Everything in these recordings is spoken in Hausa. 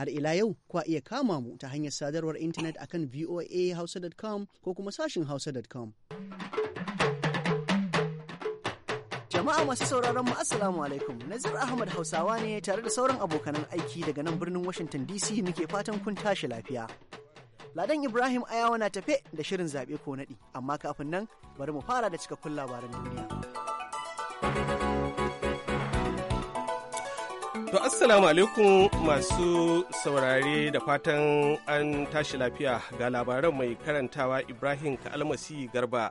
Har ila yau kwa iya kama mu ta hanyar sadarwar intanet akan voahausa.com ko kuma sashin hausa.com. Jama'a masu sauraron mu Assalamu alaikum. Nazir Ahmad Hausawa ne tare da sauran abokanan aiki daga nan birnin Washington DC muke fatan kun tashi lafiya. Ladan Ibrahim Ayawa na tafe da shirin zaɓe ko naɗi, amma kafin nan bari mu fara da cikakkun labaran duniya. To assalamu alaikum masu saurare da fatan an tashi lafiya ga labaran mai karantawa Ibrahim Kalmasi Garba.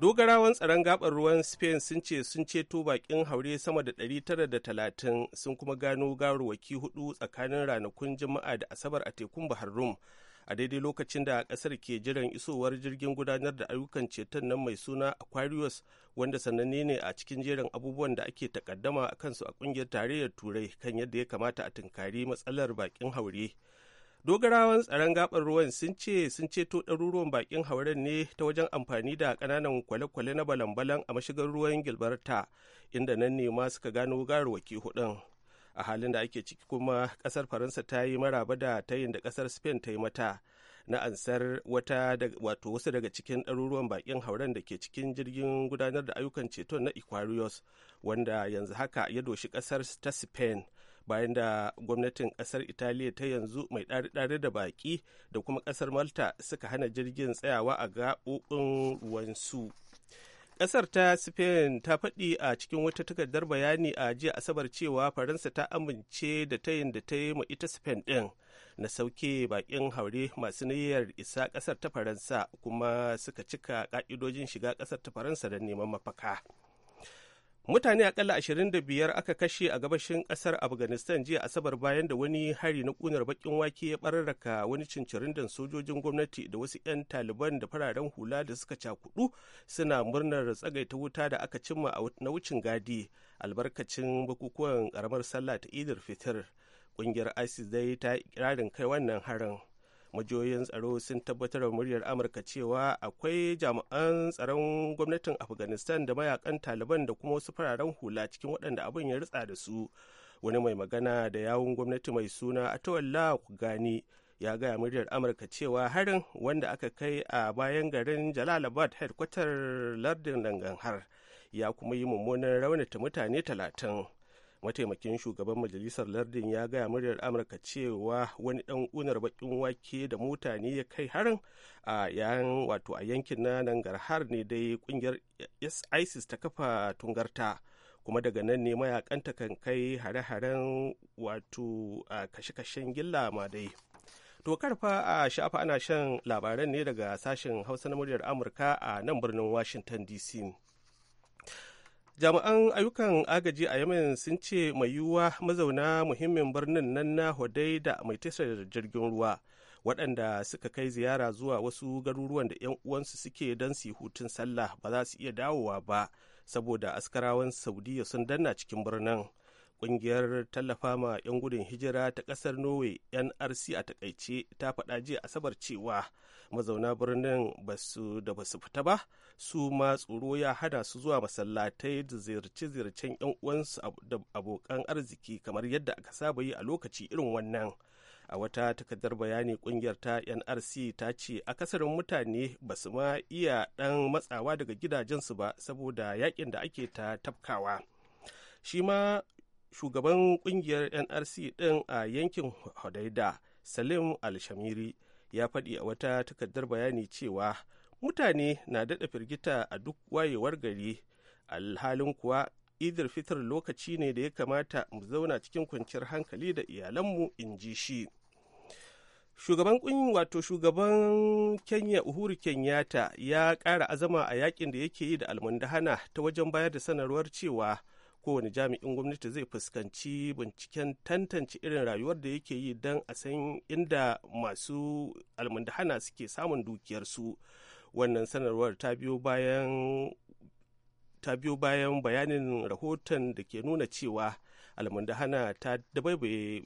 Dogarawan tsaron gabar ruwan Spain sun ce sun ceto bakin haure sama da 930 sun kuma gano gawarwaki hudu tsakanin ranakun Juma'a da Asabar a tekun Bahar Rum. a daidai lokacin da kasar ke jiran isowar jirgin gudanar da ayyukan ceton nan mai suna aquarius wanda sananne ne a cikin jerin abubuwan da ake takaddama a kansu a kungiyar tarayyar turai kan yadda ya kamata a tunkari matsalar bakin haure dogarawan tsaron gabar ruwan sun ce sun ceto ɗaruruwan bakin hauren ne ta wajen amfani da ƙananan kwale-kwale na balan-balan a mashigar ruwan gilbarta inda nan ne ma suka gano garwaki hudun a halin da ake ciki kuma kasar faransa ta yi maraba da ta yin da kasar spain ta yi mata na ansar wata wato wasu daga cikin ɗaruruwan bakin hauren da ke cikin jirgin gudanar da ayyukan ceton na aquarius wanda yanzu haka ya doshi kasar ta spain bayan da gwamnatin kasar italiya ta yanzu mai ɗari-ɗari da baki da kuma kasar malta suka hana jirgin tsayawa a gaɓoɓin ruwansu. su Ƙasar ta Spain ta faɗi a cikin wata takardar bayani a jiya Asabar cewa Faransa ta amince da tayin da ta yi ma ita Spain ɗin na sauke bakin haure masu niyyar isa ƙasar ta Faransa kuma suka cika ƙa'idojin shiga ƙasar ta Faransa da neman mafaka. mutane akalla biyar aka kashe a gabashin kasar afghanistan jiya asabar bayan da wani hari na kunar bakin wake ya bararraka wani cincirindan sojojin gwamnati da wasu 'yan taliban da fararen hula da suka cakudu suna murnar tsagaita wuta da aka cimma na wucin gadi albarkacin bukukuwan karamar sallah ta Idir fitir ƙungiyar isis dai ta kirarin kai wannan harin majiyoyin tsaro sun tabbatar da muryar amurka cewa akwai jami'an tsaron gwamnatin afghanistan da mayakan taliban da kuma wasu fararen hula cikin waɗanda abin ya ritsa da su wani mai magana da yawun gwamnati mai suna atawalla gani ya gaya muryar amurka cewa harin wanda aka kai a bayan garin jalalabad headquarter lardin har ya kuma yi mummunan raunata mutane talatin mataimakin shugaban majalisar lardin ya gaya muryar amurka cewa wani dan unar bakin wake da mota ne ya kai harin a yan wato a yankin na har ne dai kungiyar isis ta kafa tungarta kuma daga nan ne mayakanta kan kai hare-haren wato kashe-kashen gilla ma dai to karfa a shafa ana shan labaran ne daga sashen hausa na muryar amurka a nan birnin washington dc jami'an ayyukan agaji a yemen sun ce mai yiwuwa mazauna muhimmin birnin nan na hodai da mai tashar jirgin ruwa waɗanda suka kai ziyara zuwa wasu garuruwan da 'yan uwansu suke don su hutun sallah ba za su iya dawowa ba saboda askarawan saudiya sun danna cikin birnin ƙungiyar tallafa ma 'yan gudun hijira ta ƙasar norway nrc a takaice ta faɗa jiya asabar cewa mazauna birnin da basu fita ba su ma tsoro ya hada su zuwa masallatai da ziyarce-ziyarcen 'yan uwansu da abokan arziki kamar yadda aka saba yi a lokaci irin wannan a wata takardar bayani kungiyar ta nrc ta ce akasarin mutane ba su ma iya dan matsawa daga gidajensu ba saboda yakin da ake ta tafkawa shi ma shugaban kungiyar nrc din a yankin hodaida salim alshamiri ya faɗi a wata takardar bayani cewa mutane na daɗa firgita a duk wayewar gari alhalin kuwa idar fitar lokaci ne da ya kamata mu zauna cikin kwanciyar hankali da iyalanmu in ji shi shugaban kunyin wato shugaban kenya uhuru kenyatta ya ƙara azama a yakin da yake yi da almundahana ta wajen bayar da sanarwar cewa kowane jami'in gwamnati zai fuskanci binciken tantance irin rayuwar da yake yi don a san inda masu almundahana suke samun dukiyarsu wannan sanarwar ta biyo bayan ta biyo bayan bayanin rahoton da ke nuna cewa almundahana ta dabaibaye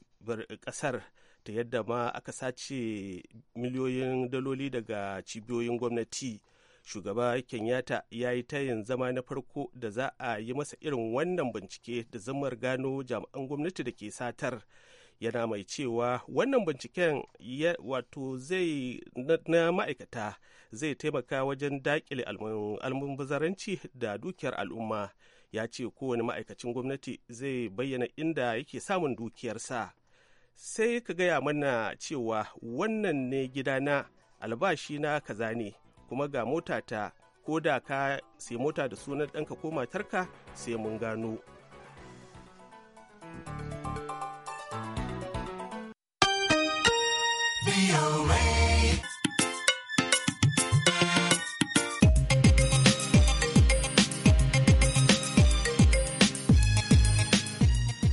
kasar ta yadda ma aka sace miliyoyin daloli daga cibiyoyin gwamnati shugaba kenyatta ya yi tayin zama na farko da za a yi masa irin wannan bincike da zamar gano jami'an gwamnati da ke satar yana mai cewa wannan binciken wato zai na ma'aikata zai taimaka wajen dakile almubazzaranci da dukiyar al'umma ya ce kowane ma'aikacin gwamnati zai bayyana inda yake samun dukiyarsa sai ka gaya mana cewa wannan ne gidana albashi na kaza ne kuma ga mota ta ko da ka sai mota da sunan ɗanka ko matarka sai mun gano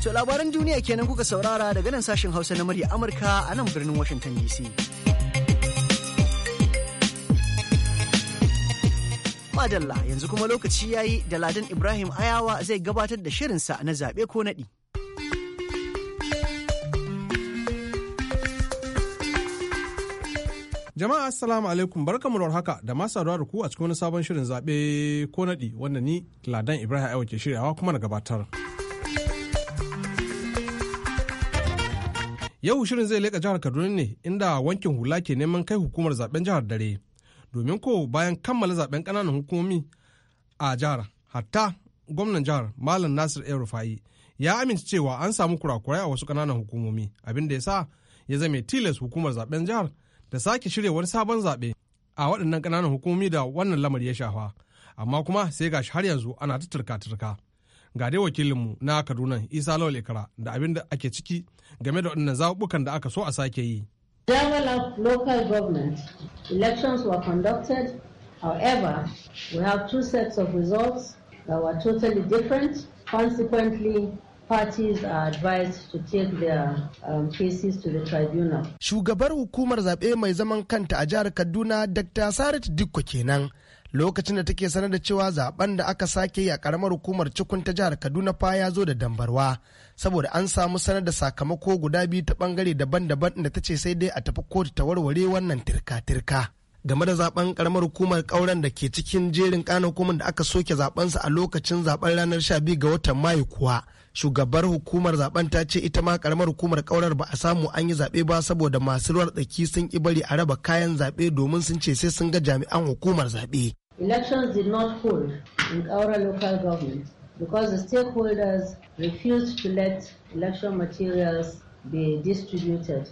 To labaran duniya kenan kuka saurara daga nan sashen Hausa na murya Amurka a nan birnin Washington DC. Madalla yanzu kuma lokaci ya yi da Ladan Ibrahim Ayawa zai gabatar da shirinsa na zaɓe ko naɗi. Jama'a Assalamu alaikum barkamu da haka da masu da ku a cikin wani sabon shirin zaɓe ko naɗi wanda ni Ladan Ibrahim Ayawa ke shiryawa kuma na gabatar. Yau shirin zai leka jihar Kaduna ne inda wankin hula ke neman kai hukumar zaben jihar dare. domin ko bayan kammala zaben ƙananan hukumomi a jihar hatta gwamnan jihar malam nasir el rufai ya amince cewa an samu kurakurai a wasu ƙananan hukumomi abin da ya sa ya zame tilas hukumar zaben jihar da sake shirya wani sabon zaɓe a waɗannan ƙananan hukumomi da wannan lamar ya shafa amma kuma sai gashi har yanzu ana ta turka-turka ga dai wakilinmu na kaduna isa lawal ikra da abin da ake ciki game da waɗannan zaɓuɓɓukan da aka so a sake yi develop local government, elections were conducted. However, we have two sets of results that were totally different. Consequently, parties are advised to take their um, cases to the tribunal. Shugabar hukumar zaɓe mai zaman kanta a jihar Kaduna, Dr. Sarit Dikko kenan. lokacin da take sanar da cewa zaben da aka sake yi a karamar hukumar cikin ta jihar kaduna fa ya zo da dambarwa saboda an samu sanar da sakamako guda biyu ta bangare daban-daban da ta ce sai dai a tafi kotu ta warware wannan tirka-tirka game da zaben karamar hukumar kauren da ke cikin jerin kanan hukumar da aka soke zabensa a lokacin zaben ranar 12 ga watan mayu kuwa shugabar hukumar zaben ta ce ita ma karamar hukumar kaurar ba a samu an yi zaɓe ba saboda masu ruwar tsaki sun ki bari a raba kayan zaɓe domin sun ce sai sun ga jami'an hukumar zaɓe. Elections did not hold in Kaura local government because the stakeholders refused to let election materials be distributed.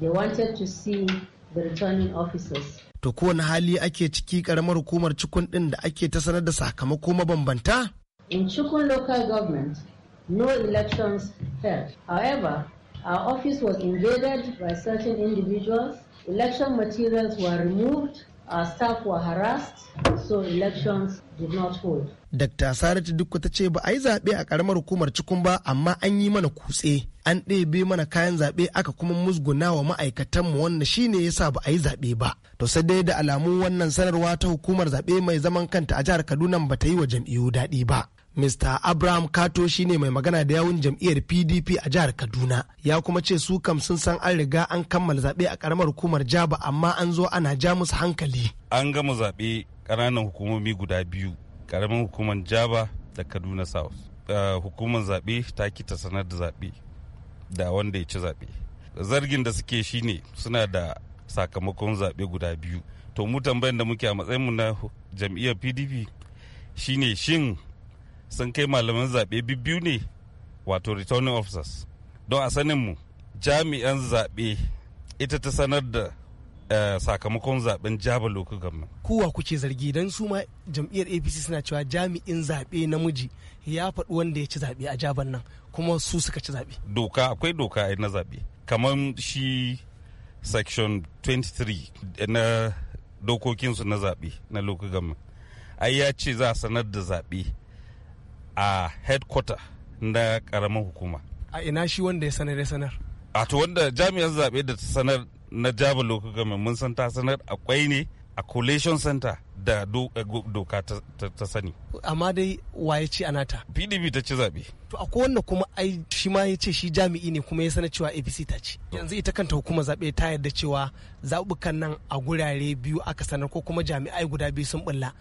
They wanted to see the returning officers. To kowane hali ake ciki karamar hukumar cikun ɗin da ake ta sanar da sakamako mabambanta? In cikin local government, no elections held. However, our office was invaded by certain individuals, election materials were removed, our staff were harassed, so elections did not hold. Dr. Saratu Dukku ta ce ba a yi zaɓe a ƙaramar hukumar cikin ba amma an yi mana kutse. An ɗebe mana kayan zaɓe aka kuma musguna wa ma'aikatanmu wannan shine yasa ba a yi zaɓe ba. To sai dai da alamu wannan sanarwa ta hukumar zaɓe mai zaman kanta a jihar Kaduna ba ta yi wa jam'iyyu daɗi ba. Mr. Abraham Kato shi ne mai magana da yawun jam'iyyar PDP a jihar Kaduna. Ya kuma ce su kam sun san an riga an kammala zaɓe a ƙaramar hukumar Jaba amma an zo ana ja musu hankali. An gama zaɓe ƙananan hukumomi guda biyu, ƙaramin hukumar Jaba da Kaduna South. Uh, hukumar zaɓe ta ta sanar da zaɓe da wanda ya ci zaɓe. Zargin da suke shi ne suna da sakamakon zaɓe guda biyu. To mu tambayan da muke a matsayinmu na jam'iyyar PDP shine shin sun kai malaman zaɓe biyu ne wato returning officers don a saninmu jami'an zaɓe ita ta sanar da eh, sakamakon zaɓen jaba local government. Kowa kuke zargi don su ma jam'iyyar APC suna cewa jami'in zaɓe namiji ya faɗi wanda ya ci zaɓe a jaban nan kuma su suka ci zaɓe. Doka akwai doka a na zaɓe kamar shi section 23 eh, na dokokinsu na zaɓe na local government. Ai ya ce za a sanar da zaɓe a headquarter na karamin hukuma a ina shi wanda ya sanar ya sanar a to wanda jami'an zaɓe da ta sanar na jaba loka government mun san ta sanar akwai ne a collation center da eh, doka ta sani amma dai ya ce anata pdp ta ci zaɓe to a wanda kuma ai shi ma ya ce shi jami'i ne kuma ya sanar cewa apc ta ci yanzu ita kanta hukuma zaɓe ta yarda cewa zaɓukan nan a gurare biyu aka sanar ko kuma jami'ai guda biyu sun bulla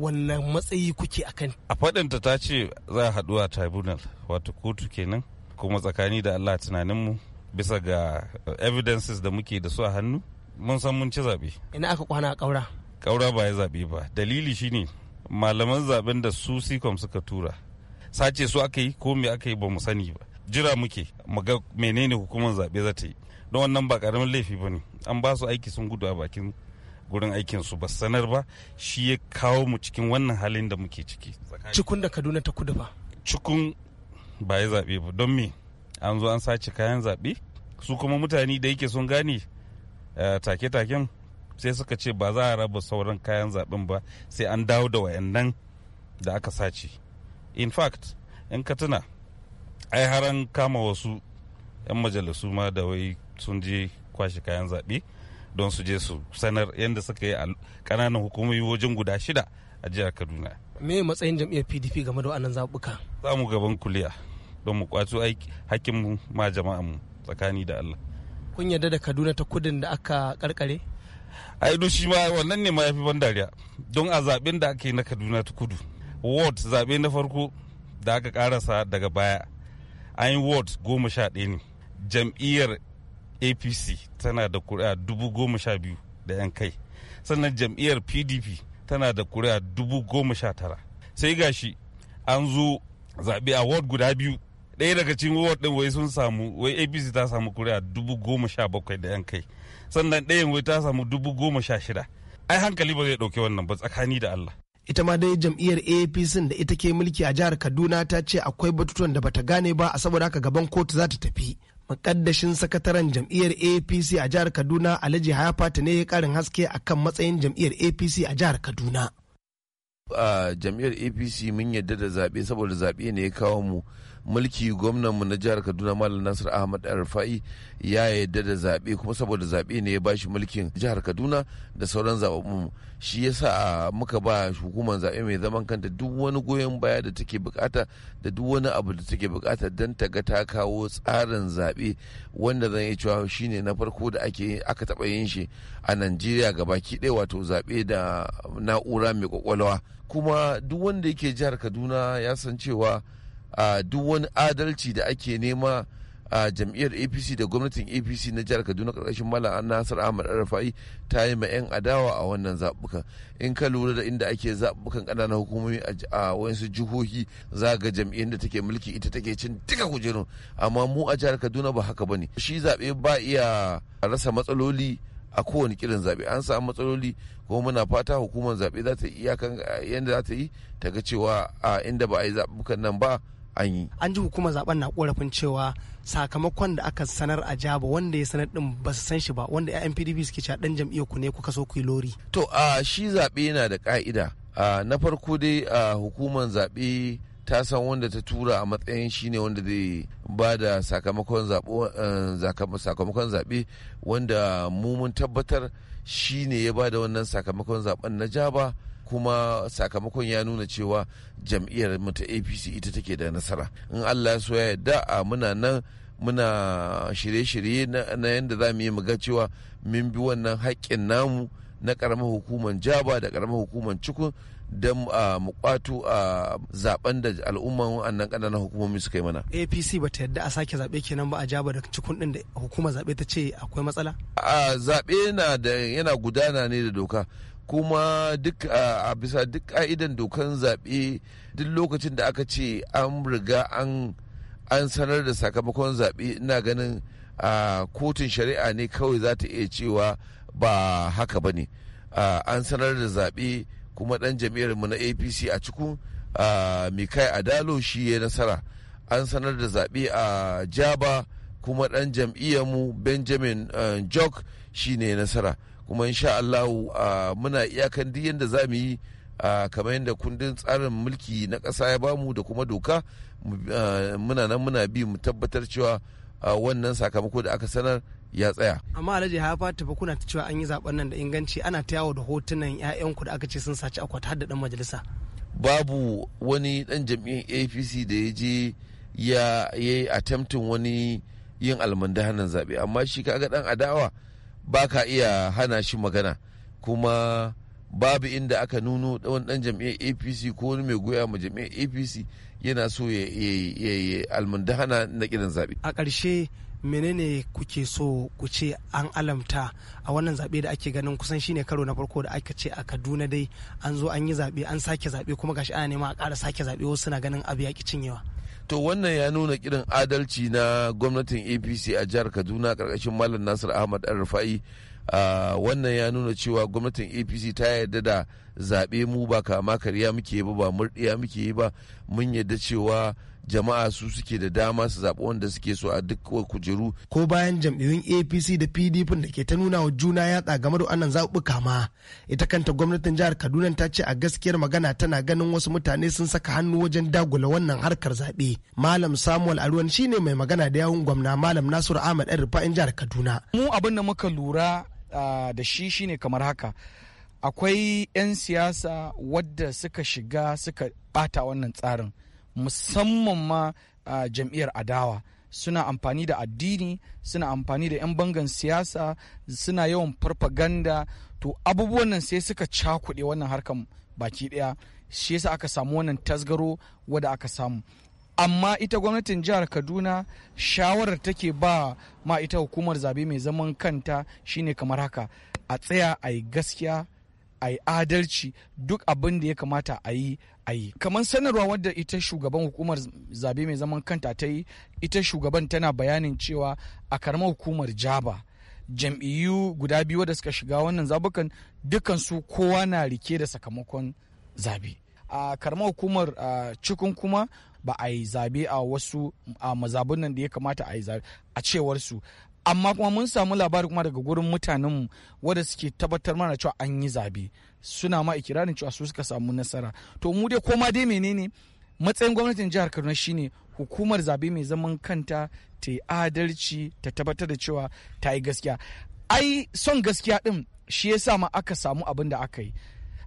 wannan matsayi kuke a kan. a faɗinta ta ce za a haɗu a tribunal wato kotu kenan kuma tsakani da allah tunaninmu bisa ga evidences da muke da su a hannu mun san mun ci zaɓe ina aka kwana a ƙaura ƙaura ba ya zaɓe ba dalili shine malaman zaɓen da su sikom suka tura sace su aka yi ko me aka yi ba mu sani ba jira muke mu ga menene hukumar zaɓe za ta yi don wannan ba ƙaramin laifi ba ne an ba su aiki sun gudu a bakin gurin aikin su ba sanar ba shi ya kawo mu cikin wannan halin da muke ciki cikun da kaduna ta kudu ba cikun ba ya zaɓe ba don me an zo an sace kayan zaɓe su kuma mutane da yake sun gane eh, take-taken sai suka ce ba za a raba sauran kayan zaɓen ba sai an dawo da wayannan da aka sace in fact in ka tuna ai har kama wasu 'yan majalisu ma da wai sun je kwashe kayan zaɓe don su je su sanar yadda suka yi a kananan hukumomi wajen guda shida a jihar kaduna me matsayin jam'iyyar pdp game da wannan zabuka za mu gaban kuliya don mu kwato hakkin ma jama'a mu tsakani da allah kun yarda da kaduna ta kudin da aka karkare ai duk shi ma wannan ne ma yafi ban dariya don a zaben da aka yi na kaduna ta kudu ward zabe na farko da aka karasa daga baya an yi ward goma sha ɗaya ne jam'iyyar apc tana da kuri'a dubu goma sha biyu da 'yan kai sannan jam'iyyar pdp tana da kuri'a dubu goma sha tara sai gashi an zo zaɓe a ward guda biyu ɗaya daga cikin ward ɗin wai sun samu wai apc ta samu kuri'a dubu goma sha bakwai da 'yan kai sannan ɗayan wai ta samu dubu goma sha shida ai hankali ba zai ɗauki wannan ba tsakani da allah ita ma dai jam'iyyar apc da ita ke mulki a jihar kaduna ta ce akwai batutuwan da bata gane ba a saboda haka gaban kotu za ta tafi mukaddashin sakataren jam'iyyar apc a jihar kaduna alhaji hayafata ne ya karin haske a kan matsayin jam'iyyar apc a jihar kaduna a jam'iyyar apc mun yadda da zaɓe saboda zaɓe ne ya kawo mu mulki gwamnanmu na jihar kaduna malam nasir ahmad arfa'i ya yadda da zaɓe kuma saboda zaɓe ne ya bashi mulkin jihar kaduna da sauran zaɓaɓɓun shi yasa muka ba hukumar zaɓe mai zaman kanta duk wani goyon baya da take bukata da duk wani abu da take bukata don ta ga ta kawo tsarin zaɓe wanda zan iya cewa shine na farko da ake aka taɓa yin shi a najeriya gabaki ɗaya wato zaɓe da na'ura mai kwakwalwa kuma duk wanda yake jihar kaduna ya san cewa a duk wani adalci da ake nema a jam'iyyar apc da gwamnatin apc na jihar kaduna karkashin malam nasar ahmad arafai ta yi ma 'yan adawa a wannan zaɓuka in ka lura da inda ake zaɓukan ƙananan hukumomi a wasu jihohi za ga jam'iyyar da take mulki ita take cin duka kujerun amma mu a jihar kaduna ba haka ba ne shi zaɓe ba iya rasa matsaloli a kowane kirin zaɓe an samu matsaloli kuma muna fata hukumar zaɓe za ta iyakan yadda za ta yi ta ga cewa a inda ba a yi zaɓukan nan ba an yi an ji hukumar zaben na korafin cewa sakamakon da aka sanar a jaba wanda ya sanar din ba su san shi ba wanda 'ya'yan pdp suke cewa dan jam'iyyar ku ne kuka so ku yi lori to a shi zaɓe yana da ka'ida na farko dai a hukumar zaɓe ta san wanda ta tura a matsayin shine wanda zai ba da sakamakon zaɓe wanda mu mun tabbatar ne ya ba da wannan sakamakon zaɓen na jaba kuma sakamakon ya nuna cewa jam'iyyar mata ta apc ita take da nasara in allah so ya yarda a muna nan muna shirye-shirye na yadda za mu yi muga cewa mun bi wannan haƙƙin namu na ƙaramar hukumar jaba da ƙaramar hukumar cikin don mu kwato a zaben da al'umman wannan ƙananan hukumomi suka yi mana. APC ba ta yadda a sake zaɓe kenan ba a jaba da cikin ɗin da hukumar zaɓe ta ce akwai matsala? A zaɓe yana gudana ne da doka. kuma duk a bisa duk ka'idan dokan zaɓe duk lokacin da aka ce an riga an sanar da sakamakon zaɓe ina ganin a kotun shari'a ne kawai za ta iya cewa ba haka ba ne an sanar da zaɓe kuma ɗan jam'iyyar mu na apc a cikin mikai adalo shi ya nasara an sanar da zaɓe a jaba kuma ɗan jam'iyyar mu benjamin eh, jock shi ne nasara kuma insha allahu muna iyakan duk yadda za mu yi kamar yadda kundin tsarin mulki na ƙasa ya bamu da kuma doka muna nan muna bi mu tabbatar cewa wannan sakamako da aka sanar ya tsaya. Amma Alhaji fata tafi kuna ta cewa an yi zaben nan da inganci ana ta yawo da hotunan 'ya'yanku da aka ce sun saci akwati har da dan majalisa. Babu wani dan jam'iyyar APC da ya je ya yi attempting wani yin almundahanan zaɓe amma shi kaga dan adawa ba ka iya hana shi magana kuma babu inda aka nuno wani dan jam'iyyar apc ko wani mai goya ma jam'iyyar apc yana so ya yi hana na kiran zaɓe a ƙarshe menene kuke so ku ce an alamta a wannan zaɓe da ake ganin kusan shine karo na farko da aka ce a kaduna dai an zo an yi zaɓe an sake zaɓe kuma gashi ana nema a ƙara sake zaɓe wasu na ganin abu ya ki cinyewa to wannan ya nuna kirin adalci na gwamnatin apc a jihar kaduna karkashin malam nasir ahmad arfa'i rufa'i wannan ya nuna cewa gwamnatin apc ta yarda da zaɓe mu ba kama karya muke yi ba ba murɗiya muke yi ba mun yarda cewa jama'a su suke da dama su zaɓi wanda suke so a duk kujeru. Ko bayan jam'iyyun APC da PDP da ke ta nuna wa juna yatsa game da wannan zaɓuɓɓuka ma. Ita kanta gwamnatin jihar Kaduna ta ce a gaskiyar magana tana ganin wasu mutane sun saka hannu wajen dagula wannan harkar zaɓe. Malam Samuel Aruwan shine mai magana da yawun gwamna Malam Nasiru Ahmad ɗan rufa'in jihar Kaduna. Mu abin da muka lura da shi shine kamar haka. Akwai 'yan siyasa wadda suka shiga suka bata wannan tsarin. musamman ma uh, jam'iyyar adawa suna amfani da addini suna amfani da 'yan bangan siyasa suna yawan farfaganda to abubuwan nan sai suka cakuɗe wannan harkan baki ɗaya shi yasa aka samu wannan tasgaro wadda aka samu amma ita gwamnatin jihar kaduna shawarar take ba ma ita hukumar zabe mai zaman kanta shine kamar haka a tsaya a yi gaskiya a yi adalci duk abin da ya kamata a yi a yi kamar sanarwa wadda ita shugaban hukumar zabe mai zaman kanta ta yi ita shugaban tana bayanin cewa a karamar hukumar jaba jam'iyyu guda biyu da suka shiga wannan zabukan dukansu kowa na rike da sakamakon zabe a karamar hukumar cikin kuma ba a yi zabe a wasu a mazabun da ya kamata a yi zabe a cewar su amma kuma mun samu labari kuma daga gurin mutanen mutanenmu wadda suke tabbatar mana cewa an yi zabe suna ma ikirarin cewa su suka samu nasara to mu dai koma dai menene matsayin gwamnatin jihar kaduna shine hukumar zabe mai zaman kanta ta yi adalci ta tabbatar da cewa ta yi gaskiya ai son gaskiya din shi yasa ma aka samu abin da aka yi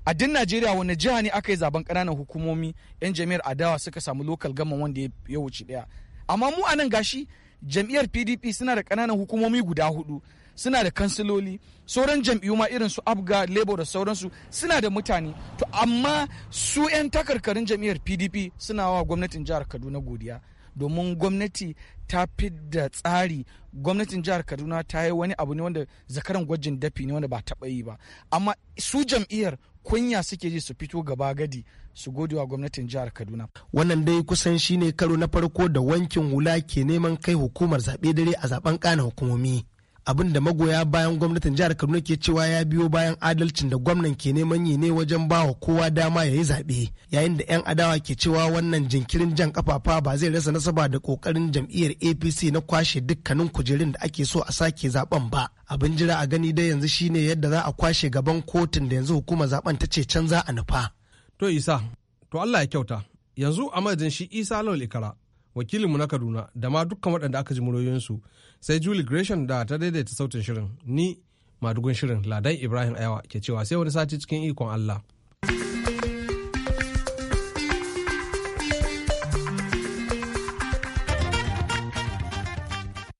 a din najeriya wani jiha ne aka yi zaben ƙananan hukumomi yan jami'ar adawa suka samu lokal gama wanda ya wuce daya amma mu anan gashi jam'iyyar pdp suna da kananan hukumomi guda hudu suna da kansiloli sauran jam'iyyu ma irin su abga labour da sauransu suna da mutane to amma su 'yan takarkarin jam'iyyar pdp suna wa gwamnatin jihar kaduna godiya domin gwamnati ta fi da tsari gwamnatin jihar kaduna ta yi wani abu ne wanda zakaran gwajin dafi ne wanda ba taɓa yi ba amma su jam'iyyar kunya suke ji su fito gaba gadi su gode wa gwamnatin jihar kaduna wannan dai kusan shine karo na farko da wankin hula ke neman kai hukumar zaɓe dare a zaben kana hukumomi abin da magoya bayan gwamnatin jihar kaduna ke cewa ya biyo bayan adalcin da gwamnan ke neman yi ne wajen ba kowa dama ya yi zaɓe yayin da 'yan adawa ke cewa wannan jinkirin jan kafafa ba zai rasa nasaba da kokarin jam'iyyar apc na kwashe dukkanin kujerun da ake so a sake zaben ba abin jira a gani dai yanzu shine yadda za a kwashe gaban kotun da yanzu hukumar zaben ta ce can za a nufa to isa to allah ya kyauta yanzu a madadin shi isa lawal ikara wakilinmu na kaduna da ma dukkan waɗanda aka ji muryoyinsu sai Julie Gresham da ta daidaita sautin shirin ni madugun shirin Ladan Ibrahim Ayawa ke cewa sai wani sati cikin ikon Allah.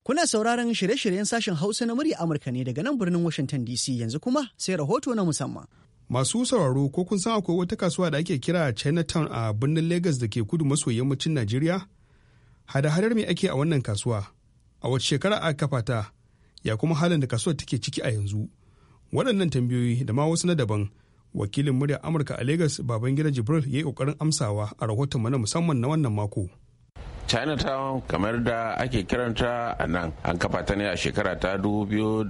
Kuna sauraron shirye-shiryen sashen Hausa na murya Amurka ne daga nan birnin Washington DC yanzu kuma sai rahoto na musamman. Masu sauraro ko kun san akwai wata kasuwa da ake kira Chinatown a birnin Lagos da ke kudu maso yammacin Najeriya? Hada-hadar me ake a wannan kasuwa? a wace shekara aka kafa ta ya kuma halin da kasuwar take ciki a yanzu waɗannan tambayoyi da ma wasu na daban wakilin muryar amurka a lagos babangida jibril ya yi ƙoƙarin amsawa a rahoton na musamman na wannan mako. chinatown kamar da ake kiranta a nan an kafa ta ne a shekara ta da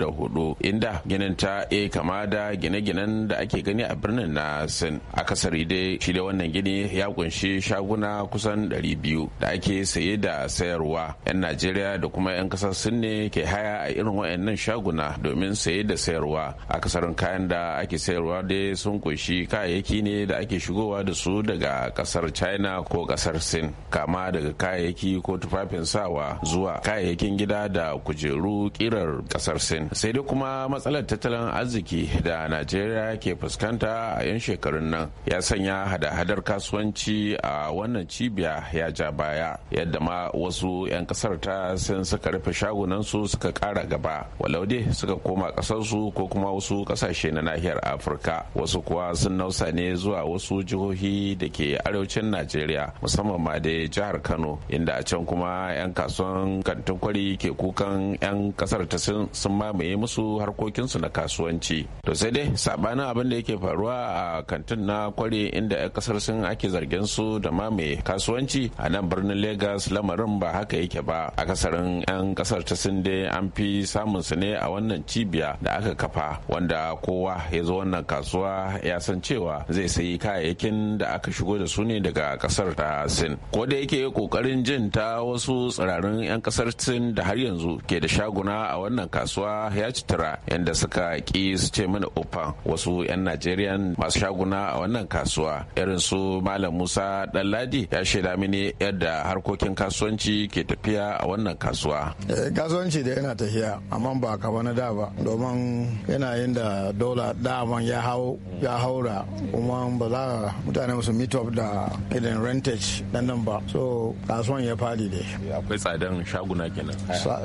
hudu inda ginin ta a kama da gine-ginen da ake gani a birnin na sin akasari dai shi da wannan gini ya kunshi shaguna kusan 200 da ake saye da sayarwa 'yan najeriya da kuma 'yan kasar sin ne ke haya a irin wayannan shaguna domin saye da sayarwa akasarin kayan da ake sayarwa dai sun kunshi kayayyaki ne da ake shigowa da su daga kasar china ko kasar sin kama daga kayan kayayyaki ko tufafin sawa zuwa kayayyakin gida da kujeru kirar kasar sin sai dai kuma matsalar tattalin arziki da najeriya ke fuskanta a 'yan shekarun nan ya sanya hada-hadar kasuwanci a wannan cibiya ya ja baya yadda ma wasu 'yan kasar ta sin suka rufe shagunansu suka kara gaba walau dai suka koma kasarsu ko kuma wasu kasashe na nahiyar afirka wasu kuwa sun nausa ne zuwa wasu jihohi da ke arewacin najeriya musamman ma da jihar kano inda a can kuma 'yan kasuwan kantin kwari ke kukan 'yan kasar ta sun mamaye musu harkokinsu na kasuwanci to sai dai sabanin abin da yake faruwa a kantin na kwari inda 'yan kasar sun ake zargin su da mamaye kasuwanci a nan birnin Legas lamarin ba haka yake ba a kasarin 'yan kasar ta sun dai an fi samun su ne a wannan cibiya da aka kafa wanda kowa ya zo wannan kasuwa ya san cewa zai sayi kayayyakin da aka shigo da su ne daga kasar ta sin ko da yake kokarin jin ta wasu tsirarun 'yan kasar Sin da har yanzu ke da shaguna a wannan kasuwa ya citira yadda suka ki su ce mana ofa wasu 'yan Najeriya masu shaguna a wannan kasuwa irin su Malam Musa Ɗanladi ya shaida mini yadda harkokin kasuwanci ke tafiya a wannan kasuwa. Eh, kasuwanci da yana tafiya amma ba kaba na da ba domin yin da dola daman ya hau ya haura kuma ba za mutane musu meet up da irin rentage nan ba so tuwon ya fadi dai akwai tsadan shaguna kenan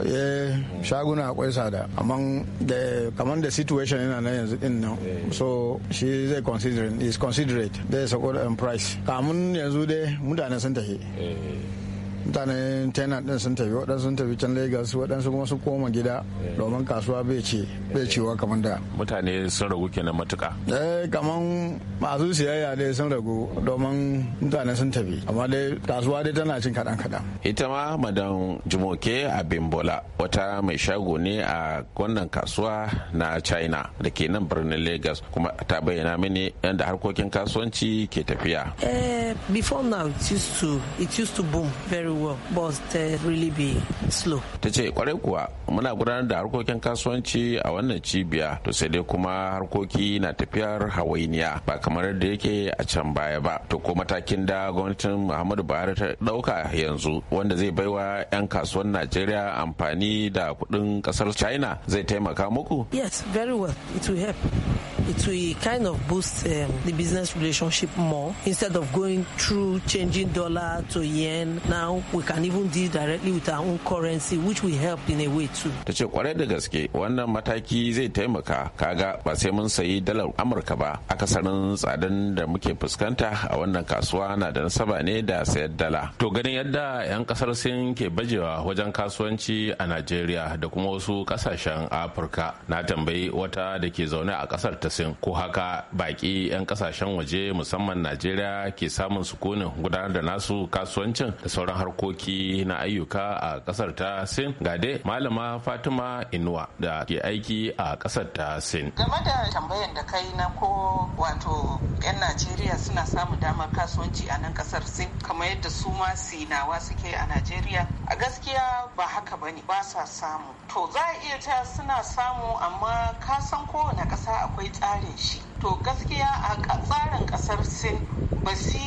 eh shaguna akwai tsada amma da kamar da situation yana na yanzu din nan eh. so shi zai considering is considerate da ya sako da um, price kamun yanzu dai mutane sun tafi eh. mutanen tenant din sun tafi waɗansu sun tafi can lagos waɗansu kuma sun koma gida domin kasuwa bai ce bai cewa kamar da mutane sun ragu kenan matuka eh kamar masu siyayya dai sun ragu domin mutane sun tafi amma dai kasuwa dai tana cin kaɗan kaɗan ita ma madan jumoke a bimbola wata mai shago ne a wannan kasuwa na china da ke nan birnin lagos kuma ta bayyana mini yadda harkokin kasuwanci ke tafiya eh before now it used to it used to boom very very well but they really be slow ta ce kwarai kuwa muna gudanar da harkokin kasuwanci a wannan cibiya to sai dai kuma harkoki na tafiyar hawainiya ba kamar da yake a can baya ba to ko matakin da gwamnatin muhammadu buhari ta dauka yanzu wanda zai baiwa 'yan kasuwan najeriya amfani da kudin kasar china zai taimaka muku yes very well it will help it will kind of boost um, the business relationship more instead of going through changing dollar to yen now we can even deal directly with our own currency which will help in a way too. Ta ce kwarai da gaske wannan mataki zai taimaka kaga ba sai mun sayi dalar Amurka ba akasarin tsadan da muke fuskanta a wannan kasuwa na da nasaba ne da sayar dala. To ganin yadda 'yan kasar Sin ke bajewa wajen kasuwanci a Najeriya da kuma wasu kasashen Afirka na tambayi wata da ke zaune a kasar ta Sin ko haka baki 'yan kasashen waje musamman Najeriya ke samun sukunin gudanar da nasu kasuwancin da sauran harkoki na ayyuka a kasar ta sin Gade, malama fatima inuwa da ke aiki a kasar ta sin game da tambayan da kai na ko wato 'yan najeriya suna samun damar kasuwanci a nan kasar sin kamar yadda su ma sinawa suke a najeriya a gaskiya ba haka ba ne ba sa samu to za a iya ta suna samu amma ka san kowane ƙasa akwai tsarin shi to gaskiya a tsarin ƙasar sin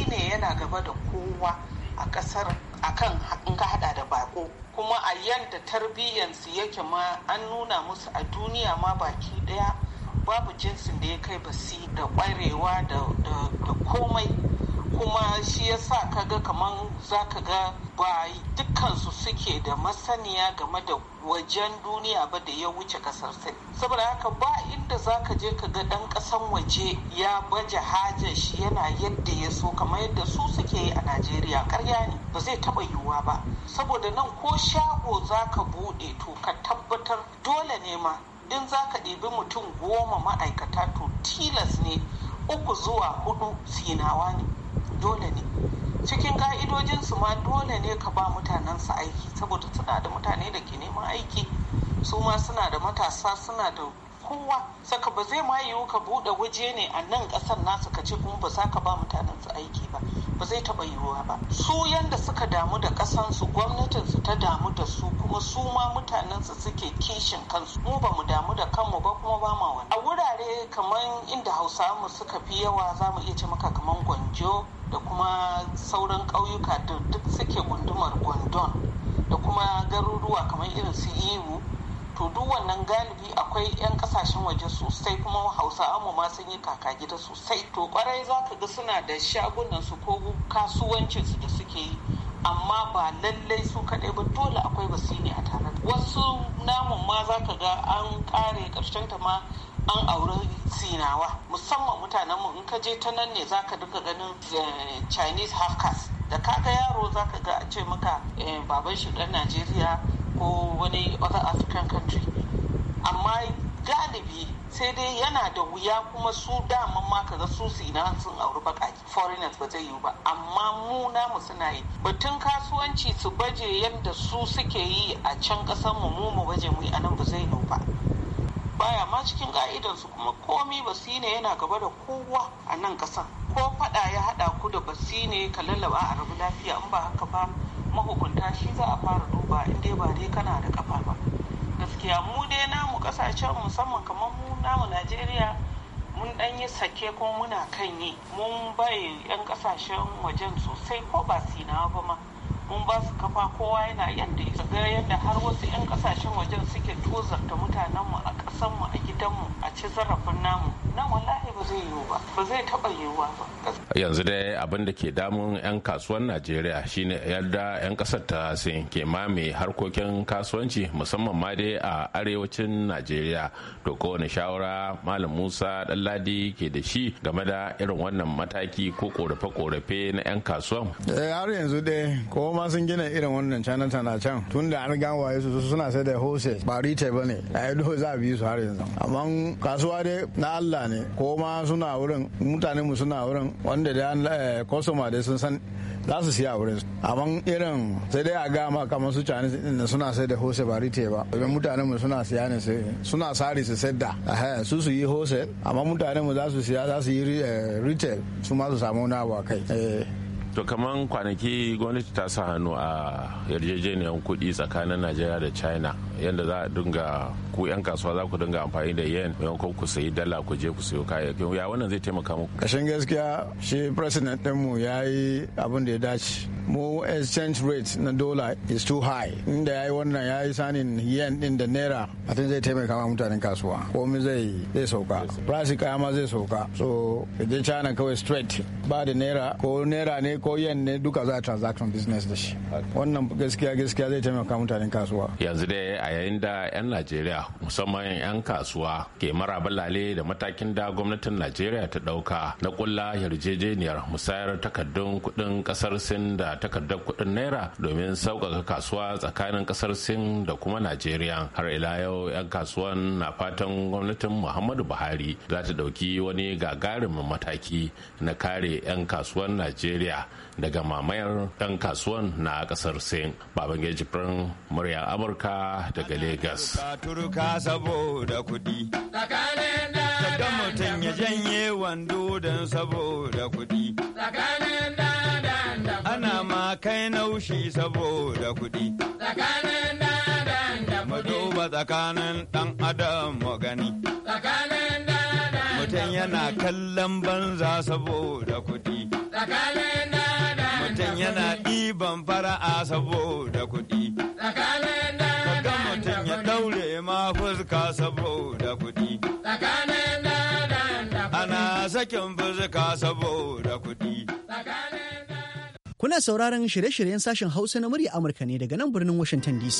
ne yana gaba da kowa a ƙasar a kan in ka hada da bako kuma a yadda tarbiyyansu yake ma an nuna musu a duniya ma baki daya babu jinsin da ya kai basi da kwarewa da komai kuma shi ya sa kaga kaman za ka ga ba dukkansu suke da masaniya game da wajen duniya ba da ya wuce kasar sai saboda haka ba inda za ka je ka ga ɗan ƙasan waje ya baje hajar shi yana yadda ya so kamar yadda su suke yi a najeriya karya ne ba zai taɓa yiwuwa ba saboda nan ko shago za ka buɗe to ka tabbatar dole ne ma in za ka ɗibi mutum goma ma'aikata to tilas ne uku zuwa hudu sinawa ne dole ne cikin su ma dole ne ka ba mutanen su aiki saboda suna da mutane da ke neman aiki su ma suna da matasa suna da kowa saka ba zai ma yiwu ka buɗe waje ne a nan kasar nasu ka ce kuma ba za ka ba mutanen su aiki ba ba zai taɓa yiwuwa ba su yanda suka damu da su gwamnatin su ta damu da su kuma su ma mutanen su suke kishin kansu mu ba mu damu da kanmu ba kuma ba ma wani a wurare kamar inda Hausawa mu suka fi yawa za mu iya ce maka kamar gwanjo da kuma sauran ƙauyuka duk suke gundumar gondon da kuma garuruwa kamar irin su iwu to duk wannan galibi akwai 'yan kasashen waje sosai kuma hausa mu ma sun yi kaka gida sosai to kwarai za ka ga suna da shagunan su ko kasuwancin su da suke yi amma ba lallai su kaɗai ba dole akwai basini a tare wasu namun ma za ka ga an ƙare ƙarshen ta ma an auri sinawa musamman mutanenmu in ka je ta nan ne za ka duka ganin eh, chinese half caste da kaga yaro zaka ga a ce maka eh, baban shi dan najeriya ko wani other african country amma galibi sai dai yana da wuya kuma su daman ma ga su sina sun auri baƙaƙi foreigners ba zai yiwu ba amma mu namu suna yi batun kasuwanci su baje yadda su suke yi a can ƙasar mu mu mu baje mu a nan ba zai yiwu ba baya ma cikin ka'idansu kuma komi basine yana gaba da kowa a nan ƙasan ko faɗa ya haɗa ku da basine ka lallaba a rabu lafiya in ba haka ba mahukunta shi za a fara duba in dai ba dai kana da kafa ba gaskiya mu dai namu kasashen musamman kamar mu namu najeriya mun dan yi sake kuma muna kan yi mun bai yan kasashen wajen sosai ko ba sinawa ba ma mun ba su kafa kowa yana yadda ya ga yadda har wasu 'yan kasashen wajen suke tozarta mutanenmu a ƙasanmu a gidanmu a ci zarafin namu nan wallahi ba zai yi ba zai taɓa yiwuwa ba yanzu dai abin da ke damun 'yan kasuwan najeriya shine yadda 'yan kasar ta sin ke mame harkokin kasuwanci musamman ma dai a arewacin najeriya to kowane shawara malam musa ɗanladi ke da shi game da irin wannan mataki ko korafe-korafe na 'yan kasuwan eh, har yanzu dai ko ma sun gina irin wannan canan tana can tun da an gan waye su suna sai da hose ba rite bane a za bi su har yanzu amma kasuwa dai na allah ne ko ma suna wurin mutane mu suna wurin wanda da kosoma eh, dai sun san za su siya wurin amma irin sai dai a ga ma kamar su chinese din suna sai da hose ba rite ba domin mutane mu suna siya ne sai suna sari su sai da eh, su su yi hose amma mutane mu za su siya za su yi eh, retail su ma su samu nawa kai to kaman kwanaki gwamnati ta sa hannu a yarjejeniyar kuɗi tsakanin najeriya da china yadda za a dinga ku 'yan kasuwa za ku dinga amfani da yen maimakon ku sayi dala ku je ku sayo kayayyakin ya wannan zai taimaka muku kashin gaskiya shi president mu ya yi abin da ya dace mu exchange rate na dola is too high inda ya yi wannan ya yi sanin yen din da naira a zai taimaka ma mutanen kasuwa komai zai zai sauka price kaya ma zai sauka so idan china kawai straight ba da naira ko naira ne ko yen ne duka za a transaction business da shi wannan gaskiya gaskiya zai taimaka mutanen kasuwa yanzu dai a yayin da 'yan najeriya musamman 'yan kasuwa ke marabalale da matakin da gwamnatin najeriya ta dauka na kulla yarjejeniyar musayar takardun kudin kasar sin da takardar kudin naira domin sauƙaƙa kasuwa tsakanin kasar sin da kuma najeriya har ila yau 'yan kasuwan na fatan gwamnatin muhammadu buhari za ta dauki wani gagarumin mataki na kare 'yan kasuwan najeriya daga mamayar ɗan kasuwan na ƙasar sin babangeji firin murya amurka daga lagos saboda kudi mutum ya janye ana ma kai naushi saboda kudi duba tsakanin dan adam mu gani mutum yana kallon banza saboda kudi tsakanin yana ɗiban fara'a saboda kuɗi. Kaga mutum ya ɗaure ma fuska saboda kuɗi. Ana sakin fuska saboda kuɗi. Kuna sauraron shirye-shiryen sashen Hausa na murya Amurka ne daga nan birnin Washington DC.